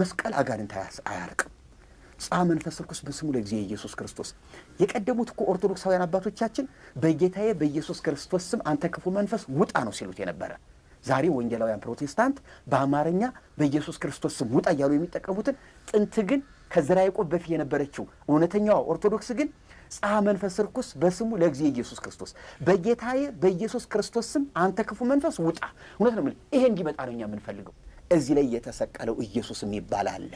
መስቀል አጋንንት አያርቅም። ጻ መንፈስ ርኩስ በስሙ ለጊዜ ኢየሱስ ክርስቶስ። የቀደሙት እኮ ኦርቶዶክሳውያን አባቶቻችን በጌታዬ በኢየሱስ ክርስቶስ ስም አንተ ክፉ መንፈስ ውጣ ነው ሲሉት የነበረ። ዛሬ ወንጌላውያን ፕሮቴስታንት በአማርኛ በኢየሱስ ክርስቶስ ስም ውጣ እያሉ የሚጠቀሙትን፣ ጥንት ግን ከዘርዓ ያዕቆብ በፊት የነበረችው እውነተኛዋ ኦርቶዶክስ ግን ጻ መንፈስ ርኩስ በስሙ ለጊዜ ኢየሱስ ክርስቶስ፣ በጌታዬ በኢየሱስ ክርስቶስ ስም አንተ ክፉ መንፈስ ውጣ። እውነት ነው፣ ይሄ እንዲመጣ ነው እኛ የምንፈልገው። እዚህ ላይ የተሰቀለው ኢየሱስ የሚባል አለ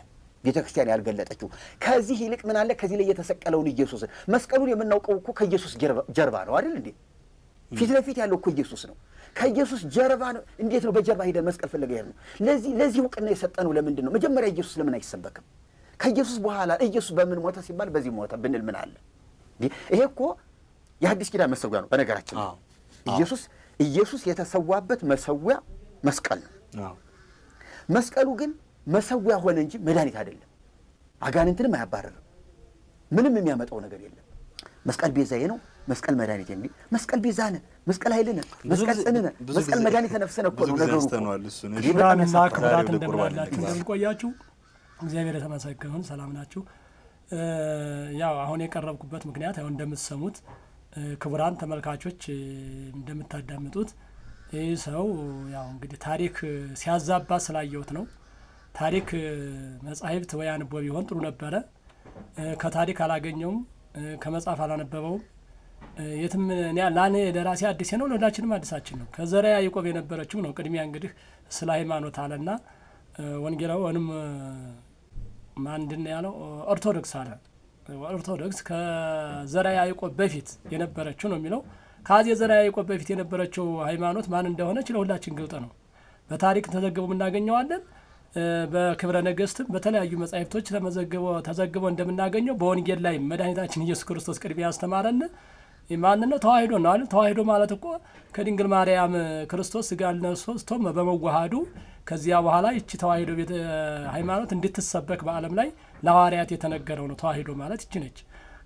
ቤተ ክርስቲያን ያልገለጠችው። ከዚህ ይልቅ ምን አለ? ከዚህ ላይ የተሰቀለውን ኢየሱስን መስቀሉን የምናውቀው እኮ ከኢየሱስ ጀርባ ነው አይደል እንዴ? ፊት ለፊት ያለው እኮ ኢየሱስ ነው። ከኢየሱስ ጀርባ ነው። እንዴት ነው በጀርባ ሄደ መስቀል ፈለገ ነው? ለዚህ ለዚህ እውቅና የሰጠነው ለምንድን ነው? መጀመሪያ ኢየሱስ ለምን አይሰበክም? ከኢየሱስ በኋላ ኢየሱስ በምን ሞተ ሲባል በዚህ ሞተ ብንል ምን አለ? ይሄ እኮ የአዲስ ኪዳን መሰዊያ ነው። በነገራችን ኢየሱስ ኢየሱስ የተሰዋበት መሰዊያ መስቀል ነው። መስቀሉ ግን መሰዊያ ሆነ እንጂ መድኃኒት አይደለም። አጋንንትንም አያባረርም። ምንም የሚያመጣው ነገር የለም። መስቀል ቤዛዬ ነው፣ መስቀል መድኃኒት የሚል መስቀል ቤዛ ነ መስቀል ኃይል ነ መስቀል ጽን ነ መስቀል መድኃኒት ነፍስህን እኮ ነው ነገሩ። ክብራትና ክብራት እንደምናላችሁ እንደምንቆያችሁ እግዚአብሔር የተመሰገነውን ሰላም ናችሁ። ያው አሁን የቀረብኩበት ምክንያት ያው እንደምትሰሙት ክቡራን ተመልካቾች እንደምታዳምጡት ይህ ሰው ያው እንግዲህ ታሪክ ሲያዛባ ስላየሁት ነው። ታሪክ መጻሕፍት ወይ አንቦ ቢሆን ጥሩ ነበረ። ከታሪክ አላገኘውም፣ ከመጽሐፍ አላነበበውም። የትም ለእኔ ለራሴ አዲሴ ነው፣ ለሁላችንም አዲሳችን ነው። ከዘርዓ ያዕቆብ የነበረችው ነው። ቅድሚያ እንግዲህ ስለ ሃይማኖት አለና ወንጌላዊ ወንም ማንድን ያለው ኦርቶዶክስ አለ። ኦርቶዶክስ ከዘርዓ ያዕቆብ በፊት የነበረችው ነው የሚለው ከአፄ ዘርዓ ያዕቆብ በፊት የነበረችው ሃይማኖት ማን እንደሆነች ለሁላችን ግልጥ ነው። በታሪክ ተዘግቦ እናገኘዋለን። በክብረ ነገስትም በተለያዩ መጻሕፍቶች ተዘግቦ እንደምናገኘው በወንጌል ላይ መድኃኒታችን ኢየሱስ ክርስቶስ ቅድሚያ ያስተማረን ማን ነው? ተዋሂዶ ነው አይደል? ተዋሂዶ ማለት እኮ ከድንግል ማርያም ክርስቶስ ስጋ ነስቶ በመዋሃዱ ከዚያ በኋላ ይቺ ተዋሂዶ ቤተ ሃይማኖት እንድትሰበክ በዓለም ላይ ለሐዋርያት የተነገረው ነው። ተዋሂዶ ማለት ይቺ ነች።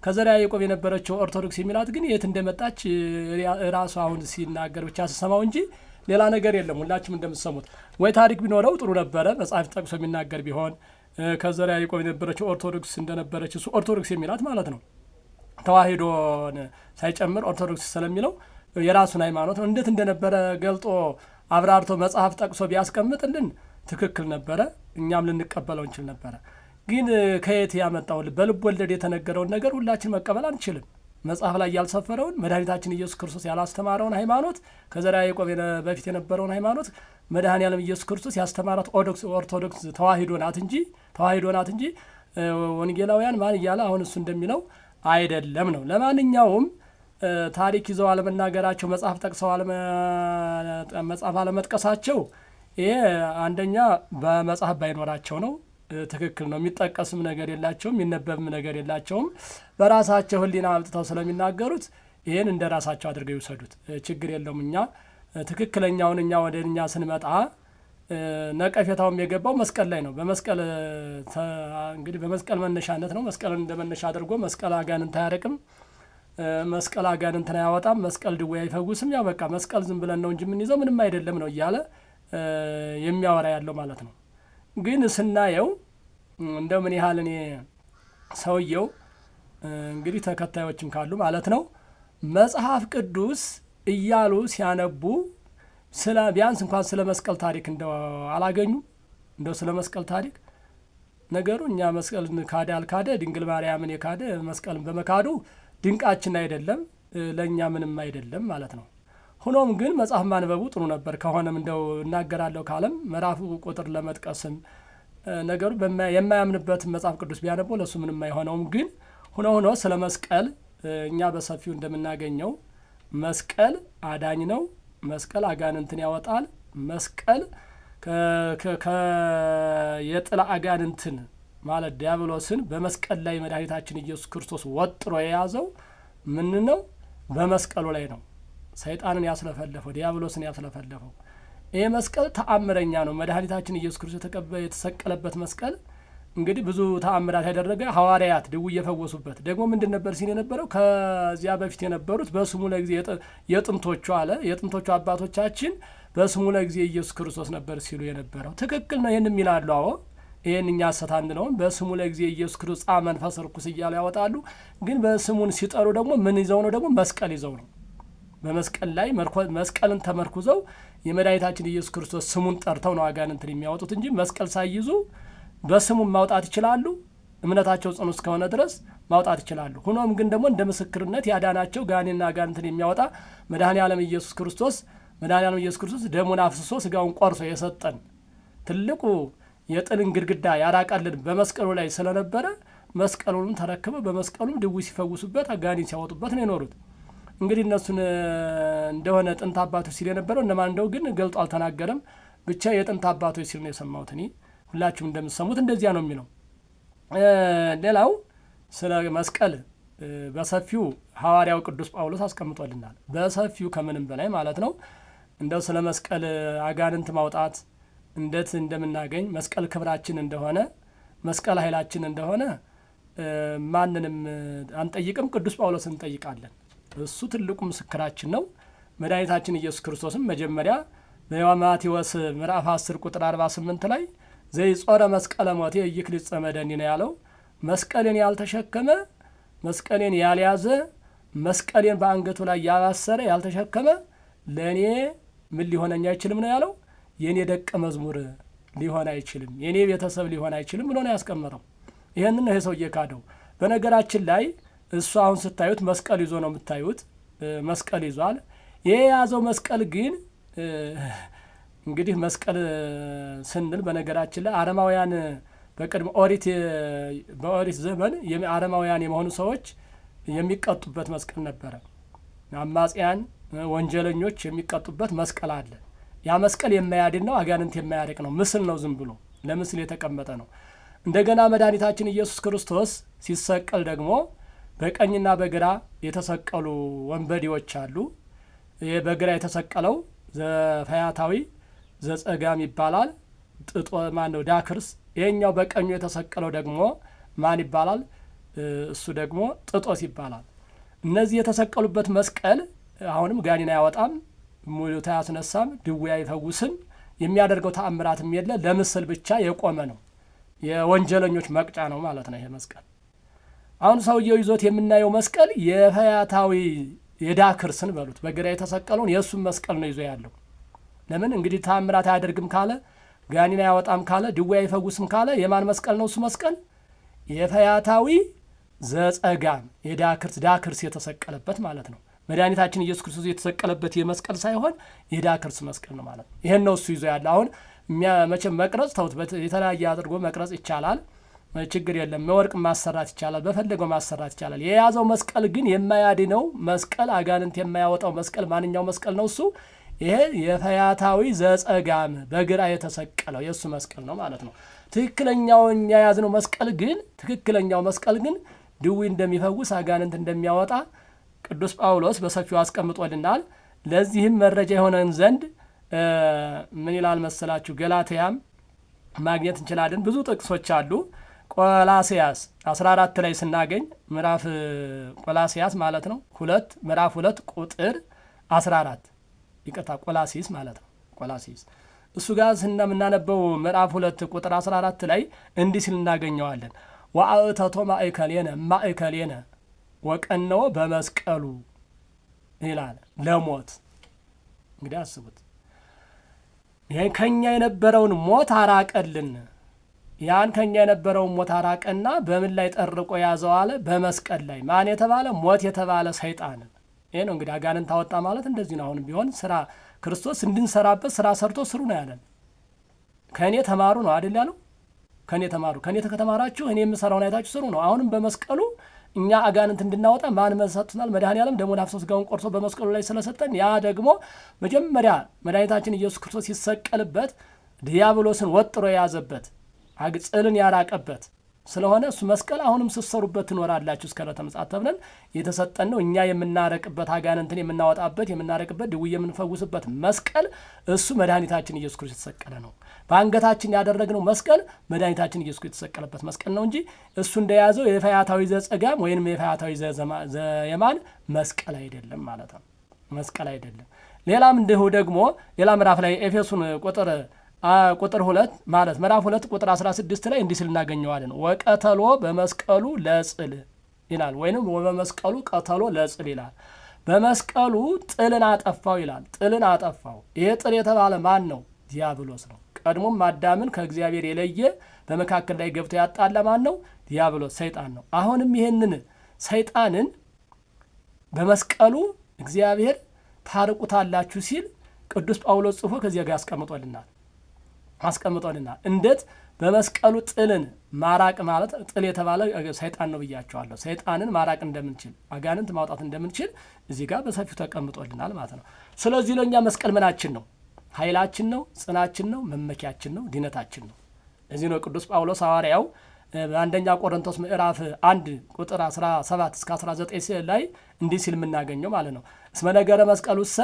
ከዘርዓ ያዕቆብ የነበረችው ኦርቶዶክስ የሚላት ግን የት እንደመጣች ራሱ አሁን ሲናገር ብቻ ስሰማው እንጂ ሌላ ነገር የለም። ሁላችሁም እንደምትሰሙት ወይ ታሪክ ቢኖረው ጥሩ ነበረ፣ መጽሐፍ ጠቅሶ የሚናገር ቢሆን ከዘርዓ ያዕቆብ የነበረችው ኦርቶዶክስ እንደነበረች እሱ ኦርቶዶክስ የሚላት ማለት ነው ተዋሂዶን ሳይጨምር ኦርቶዶክስ ስለሚለው የራሱን ሃይማኖት ነው እንዴት እንደነበረ ገልጦ አብራርቶ መጽሐፍ ጠቅሶ ቢያስቀምጥልን ትክክል ነበረ፣ እኛም ልንቀበለው እንችል ነበረ። ግን ከየት ያመጣው በልብ ወለድ የተነገረውን ነገር ሁላችን መቀበል አንችልም። መጽሐፍ ላይ ያልሰፈረውን መድኃኒታችን ኢየሱስ ክርስቶስ ያላስተማረውን ሃይማኖት ከዘርዓ ያዕቆብ በፊት የነበረውን ሃይማኖት መድኃኔ ዓለም ኢየሱስ ክርስቶስ ያስተማራት ኦርቶዶክስ ተዋሂዶ ናት እንጂ ተዋሂዶ ናት እንጂ ወንጌላውያን ማን እያለ አሁን እሱ እንደሚለው አይደለም ነው። ለማንኛውም ታሪክ ይዘው አለመናገራቸው፣ መጽሐፍ ጠቅሰው መጽሐፍ አለመጥቀሳቸው ይሄ አንደኛ በመጽሐፍ ባይኖራቸው ነው። ትክክል ነው። የሚጠቀስም ነገር የላቸውም፣ የሚነበብም ነገር የላቸውም። በራሳቸው ህሊና አምጥተው ስለሚናገሩት ይህን እንደ ራሳቸው አድርገው ይውሰዱት፣ ችግር የለውም። እኛ ትክክለኛውን እኛ ወደ እኛ ስንመጣ ነቀፌታውም የገባው መስቀል ላይ ነው። በመስቀል እንግዲህ በመስቀል መነሻነት ነው። መስቀልን እንደ መነሻ አድርጎ መስቀል አጋንንት አያርቅም፣ መስቀል አጋንንትን አያወጣም፣ መስቀል ድዌ አይፈውስም። ያው በቃ መስቀል ዝም ብለን ነው እንጂ የምንይዘው ምንም አይደለም ነው እያለ የሚያወራ ያለው ማለት ነው። ግን ስናየው እንደምን ምን ያህል እኔ ሰውየው እንግዲህ ተከታዮችም ካሉ ማለት ነው መጽሐፍ ቅዱስ እያሉ ሲያነቡ ስለ ቢያንስ እንኳን ስለ መስቀል ታሪክ እንደው አላገኙ እንደው ስለ መስቀል ታሪክ ነገሩ እኛ መስቀልን ካደ አልካደ ድንግል ማርያምን የካደ መስቀልን በመካዱ ድንቃችን አይደለም፣ ለእኛ ምንም አይደለም ማለት ነው። ሆኖም ግን መጽሐፍ ማንበቡ ጥሩ ነበር። ከሆነም እንደው እናገራለሁ ካለም ምዕራፉ ቁጥር ለመጥቀስም ነገሩ የማያምንበት መጽሐፍ ቅዱስ ቢያነበው ለእሱ ምንም አይሆነውም። ግን ሆኖ ሆኖ ስለ መስቀል እኛ በሰፊው እንደምናገኘው መስቀል አዳኝ ነው። መስቀል አጋንንትን ያወጣል። መስቀል የጥላ አጋንንትን ማለት ዲያብሎስን በመስቀል ላይ መድኃኒታችን ኢየሱስ ክርስቶስ ወጥሮ የያዘው ምን ነው? በመስቀሉ ላይ ነው። ሰይጣንን ያስለፈለፈው ዲያብሎስን ያስለፈለፈው ይህ መስቀል ተአምረኛ ነው። መድኃኒታችን ኢየሱስ ክርስቶስ የተሰቀለበት መስቀል እንግዲህ ብዙ ተአምራት ያደረገ ሐዋርያት ድው እየፈወሱበት ደግሞ ምንድን ነበር ሲል የነበረው ከዚያ በፊት የነበሩት በስሙ ለጊዜ የጥንቶቹ አለ የጥንቶቹ አባቶቻችን በስሙ ለጊዜ ኢየሱስ ክርስቶስ ነበር ሲሉ የነበረው ትክክል ነው። ይህን የሚላሉ አዎ ይህን እኛ ሐሰት አንለውም። በስሙ ለጊዜ ኢየሱስ ክርስቶስ መንፈስ ርኩስ እያሉ ያወጣሉ። ግን በስሙን ሲጠሩ ደግሞ ምን ይዘው ነው? ደግሞ መስቀል ይዘው ነው። በመስቀል ላይ መስቀልን ተመርኩዘው የመድኃኒታችን ኢየሱስ ክርስቶስ ስሙን ጠርተው ነው አጋንንትን የሚያወጡት እንጂ መስቀል ሳይይዙ በስሙን ማውጣት ይችላሉ። እምነታቸው ጽኑ እስከሆነ ድረስ ማውጣት ይችላሉ። ሆኖም ግን ደግሞ እንደ ምስክርነት ያዳናቸው ጋኔና አጋንንትን የሚያወጣ መድኃኔ ዓለም ኢየሱስ ክርስቶስ መድኃኔ ዓለም ኢየሱስ ክርስቶስ ደሙን አፍስሶ ስጋውን ቆርሶ የሰጠን ትልቁ የጥልን ግድግዳ ያራቀልን በመስቀሉ ላይ ስለነበረ መስቀሉንም ተረክበው በመስቀሉም ድዊ ሲፈውሱበት አጋኒ ሲያወጡበት ነው የኖሩት። እንግዲህ እነሱን እንደሆነ ጥንት አባቶች ሲል የነበረው እነማን እንደው ግን ገልጦ አልተናገረም። ብቻ የጥንት አባቶች ሲል ነው የሰማሁት እኔ። ሁላችሁም እንደምትሰሙት እንደዚያ ነው የሚለው። ሌላው ስለ መስቀል በሰፊው ሐዋርያው ቅዱስ ጳውሎስ አስቀምጦልናል። በሰፊው ከምንም በላይ ማለት ነው። እንደው ስለ መስቀል አጋንንት ማውጣት እንዴት እንደምናገኝ መስቀል ክብራችን እንደሆነ መስቀል ኃይላችን እንደሆነ ማንንም አንጠይቅም፣ ቅዱስ ጳውሎስ እንጠይቃለን። እሱ ትልቁ ምስክራችን ነው። መድኃኒታችን ኢየሱስ ክርስቶስም መጀመሪያ ማቴዎስ ምዕራፍ 10 ቁጥር 48 ላይ ዘይጾረ መስቀለ ሞቴ ኢይክሊጽ መደኒ ነው ያለው። መስቀሌን ያልተሸከመ መስቀሌን ያልያዘ መስቀሌን በአንገቱ ላይ ያላሰረ ያልተሸከመ ለእኔ ምን ሊሆነኝ አይችልም ነው ያለው። የእኔ ደቀ መዝሙር ሊሆን አይችልም፣ የእኔ ቤተሰብ ሊሆን አይችልም ብሎ ነው ያስቀመጠው። ይህንን ነው ይሄ ሰውዬ ካደው። በነገራችን ላይ እሱ አሁን ስታዩት መስቀል ይዞ ነው የምታዩት። መስቀል ይዟል። ይሄ የያዘው መስቀል ግን እንግዲህ መስቀል ስንል በነገራችን ላይ አረማውያን በቅድመ ኦሪት በኦሪት ዘመን አረማውያን የመሆኑ ሰዎች የሚቀጡበት መስቀል ነበረ። አማጽያን፣ ወንጀለኞች የሚቀጡበት መስቀል አለ። ያ መስቀል የማያድን ነው፣ አጋንንት የማያደቅ ነው። ምስል ነው፣ ዝም ብሎ ለምስል የተቀመጠ ነው። እንደገና መድኃኒታችን ኢየሱስ ክርስቶስ ሲሰቀል ደግሞ በቀኝና በግራ የተሰቀሉ ወንበዴዎች አሉ። ይህ በግራ የተሰቀለው ዘፈያታዊ ዘጸጋም ይባላል። ጥጦ ማን ነው? ዳክርስ። ይሄኛው በቀኙ የተሰቀለው ደግሞ ማን ይባላል? እሱ ደግሞ ጥጦስ ይባላል። እነዚህ የተሰቀሉበት መስቀል አሁንም ጋኔን አያወጣም፣ ሙሉታ አያስነሳም፣ ድዌ አይፈውስም፣ የሚያደርገው ተአምራትም የለ፣ ለምስል ብቻ የቆመ ነው። የወንጀለኞች መቅጫ ነው ማለት ነው ይሄ መስቀል። አሁን ሰውየው ይዞት የምናየው መስቀል የፈያታዊ የዳክርስን በሉት በግራ የተሰቀለውን የእሱን መስቀል ነው ይዞ ያለው። ለምን እንግዲህ ታምራት አያደርግም ካለ ጋኒን አያወጣም ካለ ድዌ አይፈጉስም ካለ የማን መስቀል ነው እሱ መስቀል? የፈያታዊ ዘጸጋም የዳክርስ ዳክርስ የተሰቀለበት ማለት ነው። መድኃኒታችን ኢየሱስ ክርስቶስ የተሰቀለበት የመስቀል ሳይሆን የዳክርስ መስቀል ነው ማለት ነው። ይህን ነው እሱ ይዞ ያለ። አሁን መቼም መቅረጽ ተውት፣ የተለያየ አድርጎ መቅረጽ ይቻላል። ችግር የለም። የወርቅ ማሰራት ይቻላል፣ በፈለገው ማሰራት ይቻላል። የያዘው መስቀል ግን የማያድነው መስቀል፣ አጋንንት የማያወጣው መስቀል ማንኛው መስቀል ነው እሱ? ይሄ የፈያታዊ ዘጸጋም በግራ የተሰቀለው የእሱ መስቀል ነው ማለት ነው። ትክክለኛውን የያዝነው መስቀል ግን ትክክለኛው መስቀል ግን ድዊ እንደሚፈውስ አጋንንት እንደሚያወጣ ቅዱስ ጳውሎስ በሰፊው አስቀምጦልናል። ለዚህም መረጃ የሆነን ዘንድ ምን ይላል መሰላችሁ ገላትያም ማግኘት እንችላለን። ብዙ ጥቅሶች አሉ። ቆላሲያስ 14 ላይ ስናገኝ ምዕራፍ ቆላሲያስ ማለት ነው ሁለት ምዕራፍ ሁለት ቁጥር 14 ይቅርታ ቆላሲስ ማለት ነው ቆላሲስ እሱ ጋር ስናምናነበው ምዕራፍ ሁለት ቁጥር 14 ላይ እንዲህ ሲል እናገኘዋለን ወአእተቶ ማእከሌነ ማእከሌነ ወቀነው በመስቀሉ ይላል ለሞት እንግዲህ አስቡት ይህን ከእኛ የነበረውን ሞት አራቀልን ያን ከኛ የነበረውን ሞት አራቀና በምን ላይ ጠርቆ ያዘው አለ በመስቀል ላይ ማን የተባለ ሞት የተባለ ሰይጣን ይህ ነው እንግዲህ አጋንን ታወጣ ማለት እንደዚህ ነው አሁን ቢሆን ስራ ክርስቶስ እንድንሰራበት ስራ ሰርቶ ስሩ ነው ያለን ከእኔ ተማሩ ነው አይደል ያለው ከእኔ ተማሩ ከእኔ ከተማራችሁ እኔ የምሰራውን አይታችሁ ስሩ ነው አሁንም በመስቀሉ እኛ አጋንንት እንድናወጣ ማን መሰጥቶናል? መድኃኔ ዓለም ደሙን አፍሶ ሥጋውን ቆርሶ በመስቀሉ ላይ ስለሰጠን ያ ደግሞ መጀመሪያ መድኃኒታችን ኢየሱስ ክርስቶስ ሲሰቀልበት ዲያብሎስን ወጥሮ የያዘበት አግጽልን ያራቀበት ስለሆነ እሱ መስቀል አሁንም ስሰሩበት ትኖራላችሁ እስከ ዕለተ ምጽአት ተብለን የተሰጠን ነው። እኛ የምናረቅበት አጋንንትን የምናወጣበት የምናረቅበት ድውይ የምንፈውስበት መስቀል እሱ መድኃኒታችን ኢየሱስ ክርስቶስ የተሰቀለ ነው። በአንገታችን ያደረግነው መስቀል መድኃኒታችን ኢየሱስ ክርስቶስ የተሰቀለበት መስቀል ነው እንጂ እሱ እንደያዘው የፈያታዊ ዘጸጋም ወይም የፈያታዊ ዘየማን መስቀል አይደለም ማለት ነው። መስቀል አይደለም። ሌላም እንዲሁ ደግሞ ሌላ ምዕራፍ ላይ ኤፌሱን ቁጥር ቁጥር ሁለት ማለት ምዕራፍ ሁለት ቁጥር 16 ላይ እንዲህ ሲል እናገኘዋለን። ወቀተሎ በመስቀሉ ለጽል ይላል፣ ወይንም በመስቀሉ ቀተሎ ለጽል ይላል። በመስቀሉ ጥልን አጠፋው ይላል። ጥልን አጠፋው። ይሄ ጥል የተባለ ማን ነው? ዲያብሎስ ነው። ቀድሞም አዳምን ከእግዚአብሔር የለየ በመካከል ላይ ገብቶ ያጣለ ማን ነው? ዲያብሎስ ሰይጣን ነው። አሁንም ይህንን ሰይጣንን በመስቀሉ እግዚአብሔር ታርቁታላችሁ ሲል ቅዱስ ጳውሎስ ጽፎ ከዚያ ጋር ያስቀምጦልናል። አስቀምጦልናል። እንዴት በመስቀሉ ጥልን ማራቅ ማለት ጥል የተባለ ሰይጣን ነው ብያቸዋለሁ። ሰይጣንን ማራቅ እንደምንችል፣ አጋንንት ማውጣት እንደምንችል እዚህ ጋር በሰፊው ተቀምጦልናል ማለት ነው። ስለዚህ ለእኛ መስቀል ምናችን ነው? ኃይላችን ነው፣ ጽናችን ነው፣ መመኪያችን ነው፣ ድነታችን ነው። እዚህ ነው ቅዱስ ጳውሎስ ሐዋርያው በአንደኛ ቆሮንቶስ ምዕራፍ አንድ ቁጥር 17 እስከ 19 ላይ እንዲህ ሲል የምናገኘው ማለት ነው። እስመ ነገረ ውሰ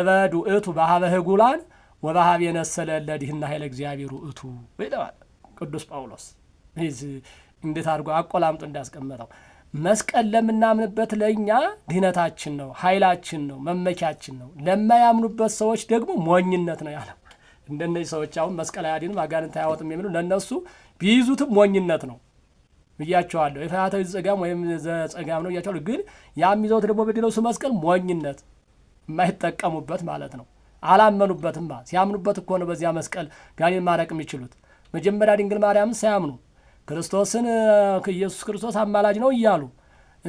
እበዱ እቱ በሀበ ህጉላን ወባሃብ የነሰለ ለዲህና ኃይለ እግዚአብሔር ውእቱ ይለዋል ቅዱስ ጳውሎስ። እንዴት አድርጎ አቆላምጦ እንዳስቀመጠው መስቀል ለምናምንበት ለእኛ ድህነታችን ነው፣ ኃይላችን ነው፣ መመኪያችን ነው። ለማያምኑበት ሰዎች ደግሞ ሞኝነት ነው ያለው። እንደነዚህ ሰዎች አሁን መስቀል አያድንም አጋንንት አያወጥም የሚሉ ለእነሱ ቢይዙትም ሞኝነት ነው ብያቸዋለሁ። የፈያታዊ ጸጋም ወይም ዘጸጋም ነው ብያቸዋለሁ። ግን ያም ይዘውት ደግሞ በድለሱ መስቀል ሞኝነት የማይጠቀሙበት ማለት ነው። አላመኑበትማ። ሲያምኑበት እኮ ነው በዚያ መስቀል ጋኔን ማረቅ የሚችሉት። መጀመሪያ ድንግል ማርያምን ሳያምኑ ክርስቶስን ኢየሱስ ክርስቶስ አማላጅ ነው እያሉ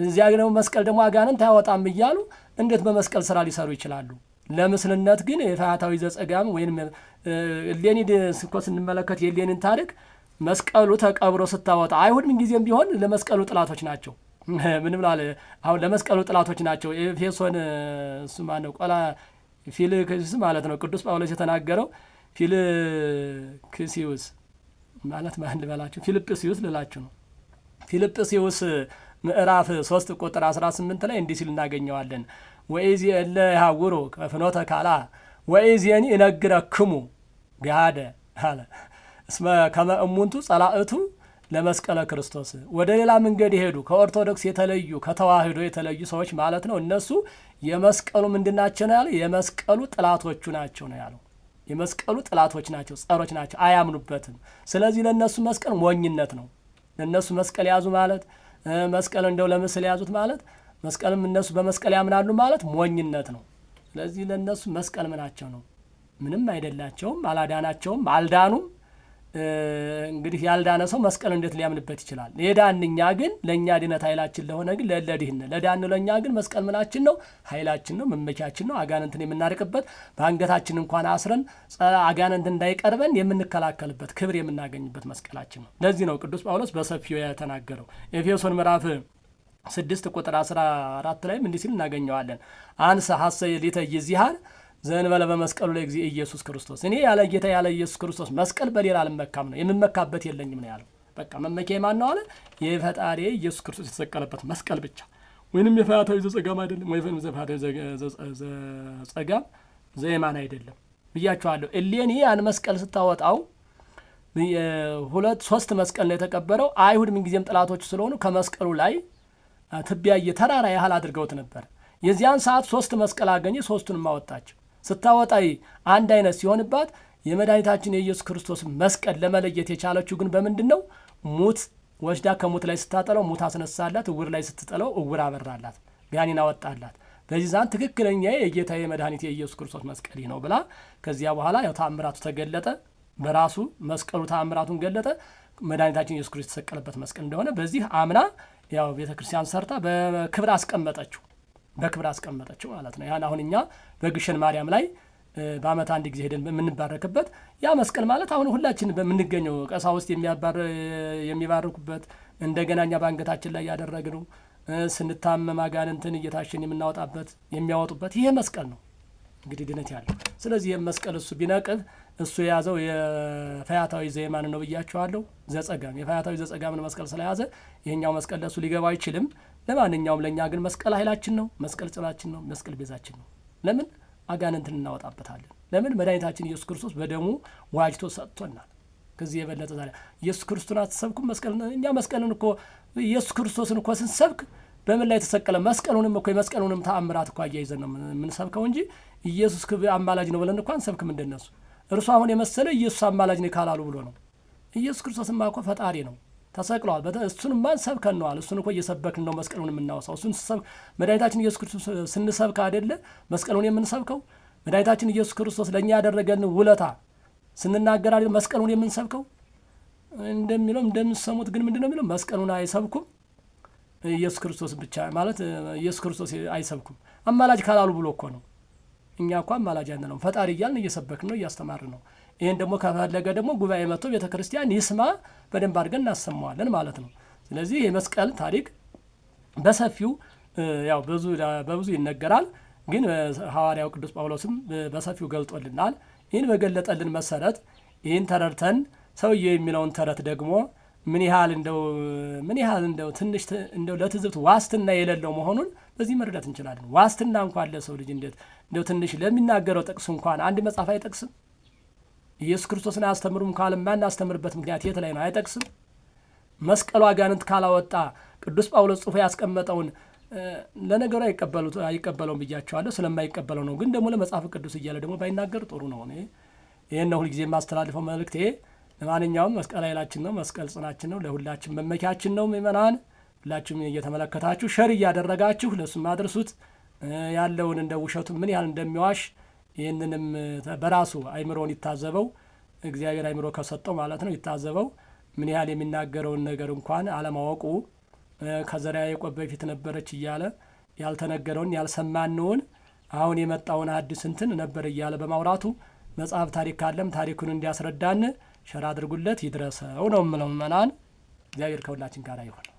እዚያ ደግሞ መስቀል ደግሞ አጋንንት አያወጣም እያሉ እንዴት በመስቀል ስራ ሊሰሩ ይችላሉ? ለምስልነት ግን የፈያታዊ ዘጸጋም ወይም ሌኒድ ስኮ ስንመለከት የሌኒን ታሪክ መስቀሉ ተቀብሮ ስታወጣ አይሁድ ምንጊዜም ቢሆን ለመስቀሉ ጥላቶች ናቸው። ምንም ላለ አሁን ለመስቀሉ ጥላቶች ናቸው። ኤፌሶን እሱ ማነው ቆላ ፊልክስ ማለት ነው። ቅዱስ ጳውሎስ የተናገረው ፊልክሲዩስ ማለት ማን ልበላችሁ? ፊልጵስዩስ ልላችሁ ነው። ፊልጵስዩስ ምዕራፍ ሶስት ቁጥር አስራ ስምንት ላይ እንዲህ ሲል እናገኘዋለን። ወኢዚ እለ ያውሮ ፍኖተ ካላ ወኢዜኒ እነግረክሙ ገሃደ አለ እስመ ከመ እሙንቱ ጸላእቱ ለመስቀለ ክርስቶስ ወደ ሌላ መንገድ የሄዱ ከኦርቶዶክስ የተለዩ ከተዋህዶ የተለዩ ሰዎች ማለት ነው። እነሱ የመስቀሉ ምንድናቸው ነው ያለው? የመስቀሉ ጥላቶቹ ናቸው ነው ያለው። የመስቀሉ ጥላቶች ናቸው፣ ጸሮች ናቸው፣ አያምኑበትም። ስለዚህ ለእነሱ መስቀል ሞኝነት ነው። ለእነሱ መስቀል ያዙ ማለት መስቀል እንደው ለምስል ያዙት ማለት መስቀልም እነሱ በመስቀል ያምናሉ ማለት ሞኝነት ነው። ስለዚህ ለእነሱ መስቀል ምናቸው ነው? ምንም አይደላቸውም፣ አላዳናቸውም፣ አልዳኑም። እንግዲህ ያልዳነ ሰው መስቀል እንዴት ሊያምንበት ይችላል? የዳንኛ ግን ለእኛ ድነት ኃይላችን ለሆነ ግን ለለድህነ ለዳን ለእኛ ግን መስቀል ምናችን ነው፣ ኃይላችን ነው፣ መመኪያችን ነው። አጋንንትን የምናርቅበት በአንገታችን እንኳን አስረን አጋንንት እንዳይቀርበን የምንከላከልበት ክብር የምናገኝበት መስቀላችን ነው። ለዚህ ነው ቅዱስ ጳውሎስ በሰፊው የተናገረው ኤፌሶን ምዕራፍ ስድስት ቁጥር አስራ አራት ላይም እንዲህ ሲል እናገኘዋለን አንስ ሀሰ ሊተይ ይዚሃል ዘንበለ በመስቀሉ ላይ ለእግዚእ ኢየሱስ ክርስቶስ፣ እኔ ያለ ጌታ ያለ ኢየሱስ ክርስቶስ መስቀል በሌላ አልመካም ነው የምመካበት የለኝም ነው ያለው። በቃ መመኪያ ማን ነው አለ? የፈጣሪ ኢየሱስ ክርስቶስ የተሰቀለበት መስቀል ብቻ። ወይንም የፈያታዊ ዘጸጋም አይደለም፣ ወይም ዘፈያታዊ ዘጸጋም ዘየማን አይደለም ብያችኋለሁ። እሌኒ ያን መስቀል ስታወጣው ሁለት ሶስት መስቀል ነው የተቀበለው። አይሁድ ምንጊዜም ጥላቶች ስለሆኑ ከመስቀሉ ላይ ትቢያ ተራራ ያህል አድርገውት ነበር። የዚያን ሰዓት ሶስት መስቀል አገኘ፣ ሶስቱንም አወጣቸው። ስታወጣይ አንድ አይነት ሲሆንባት የመድኃኒታችን የኢየሱስ ክርስቶስ መስቀል ለመለየት የቻለችው ግን በምንድን ነው? ሙት ወስዳ ከሙት ላይ ስታጠለው ሙት አስነሳላት፣ እውር ላይ ስትጠለው እውር አበራላት፣ ጋኔን አወጣላት። በዚህ ዛን ትክክለኛ የጌታ የመድኃኒት የኢየሱስ ክርስቶስ መስቀል ነው ብላ ከዚያ በኋላ ያው ታምራቱ ተገለጠ። በራሱ መስቀሉ ታምራቱን ገለጠ። መድኃኒታችን ኢየሱስ ክርስቶስ የተሰቀለበት መስቀል እንደሆነ በዚህ አምና ያው ቤተ ክርስቲያን ሰርታ በክብር አስቀመጠችው። በክብር አስቀመጠችው ማለት ነው። ያን አሁን እኛ በግሸን ማርያም ላይ በአመት አንድ ጊዜ ሄደን የምንባረክበት ያ መስቀል ማለት አሁን ሁላችን በምንገኘው ቀሳውስት የሚባርኩበት እንደገና እኛ በአንገታችን ላይ ያደረግነው ስንታመም አጋንንትን እየታሸን የምናወጣበት የሚያወጡበት ይሄ መስቀል ነው እንግዲህ ድነት ያለው። ስለዚህ ይህ መስቀል እሱ ቢነቅል እሱ የያዘው የፈያታዊ ዘየማን ነው ብያቸዋለሁ። ዘጸጋም የፈያታዊ ዘጸጋምን መስቀል ስለያዘ ይህኛው መስቀል ለእሱ ሊገባ አይችልም። ለማንኛውም ለእኛ ግን መስቀል ኃይላችን ነው። መስቀል ጽናችን ነው። መስቀል ቤዛችን ነው። ለምን አጋንንትን እናወጣበታለን። ለምን መድኃኒታችን ኢየሱስ ክርስቶስ በደሙ ዋጅቶ ሰጥቶናል። ከዚህ የበለጠ ዛሬ ኢየሱስ ክርስቶስን አትሰብኩም? መስቀል እኛ መስቀልን እኮ ኢየሱስ ክርስቶስን እኮ ስንሰብክ በምን ላይ የተሰቀለ መስቀሉንም እኮ የመስቀሉንም ተአምራት እኮ አያይዘን ነው የምንሰብከው እንጂ ኢየሱስ አማላጅ ነው ብለን እኮ አንሰብክም። እንደነሱ እርሱ አሁን የመሰለ ኢየሱስ አማላጅ ነው ካላሉ ብሎ ነው። ኢየሱስ ክርስቶስማ እኮ ፈጣሪ ነው። ተሰቅለዋል። እሱንማ ሰብከነዋል። እሱን እኮ እየሰበክን ነው መስቀሉን የምናወሳው። እሱን መድኃኒታችን ኢየሱስ ክርስቶስ ስንሰብከ አይደለ መስቀሉን የምንሰብከው። መድኃኒታችን ኢየሱስ ክርስቶስ ለእኛ ያደረገን ውለታ ስንናገር አይደለ መስቀሉን የምንሰብከው። እንደሚለው እንደምሰሙት ግን ምንድነው የሚለው? መስቀሉን አይሰብኩም ኢየሱስ ክርስቶስ ብቻ ማለት ኢየሱስ ክርስቶስ አይሰብኩም አማላጅ ካላሉ ብሎ እኮ ነው። እኛ እኳ አማላጅ ያንለውም ፈጣሪ እያልን እየሰበክን ነው እያስተማር ነው። ይህን ደግሞ ከፈለገ ደግሞ ጉባኤ መጥቶ ቤተ ክርስቲያን ይስማ፣ በደንብ አድርገን እናሰማዋለን ማለት ነው። ስለዚህ የመስቀል ታሪክ በሰፊው ያው በብዙ ይነገራል፣ ግን ሐዋርያው ቅዱስ ጳውሎስም በሰፊው ገልጦልናል። ይህን በገለጠልን መሰረት ይህን ተረድተን ሰውዬ የሚለውን ተረት ደግሞ ምን ያህል እንደው ምን ያህል እንደው ትንሽ እንደው ለትዝብት ዋስትና የሌለው መሆኑን በዚህ መረዳት እንችላለን። ዋስትና እንኳን ለሰው ልጅ እንዴት እንደው ትንሽ ለሚናገረው ጥቅስ እንኳን አንድ መጽሐፍ አይጠቅስም። ኢየሱስ ክርስቶስን አያስተምሩም ካለም ማናስተምርበት ምክንያት የት ላይ ነው? አይጠቅስም። መስቀሉ አጋንንት ካላወጣ ቅዱስ ጳውሎስ ጽፎ ያስቀመጠውን ለነገሩ አይቀበሉት አይቀበለውም ብያቸዋለሁ። ስለማይቀበለው ነው። ግን ደግሞ ለመጽሐፍ ቅዱስ እያለ ደግሞ ባይናገር ጥሩ ነው። እኔ ይህን ነው ሁልጊዜ የማስተላልፈው መልእክቴ። ለማንኛውም መስቀል ኃይላችን ነው፣ መስቀል ጽናችን ነው፣ ለሁላችን መመኪያችን ነው። ምእመናን ሁላችሁም እየተመለከታችሁ ሸር እያደረጋችሁ ለእሱም አድርሱት። ያለውን እንደ ውሸቱ ምን ያህል እንደሚዋሽ ይህንንም በራሱ አይምሮውን ይታዘበው እግዚአብሔር አይምሮ ከሰጠው ማለት ነው ይታዘበው ምን ያህል የሚናገረውን ነገር እንኳን አለማወቁ ከዘሪያ ያዕቆብ በፊት ነበረች እያለ ያልተነገረውን ያልሰማነውን አሁን የመጣውን አዲስ እንትን ነበር እያለ በማውራቱ መጽሐፍ ታሪክ ካለም ታሪኩን እንዲያስረዳን ሸራ አድርጉለት ይድረሰው ነው የምለው። ምእመናን እግዚአብሔር ከሁላችን ጋር ይሁን።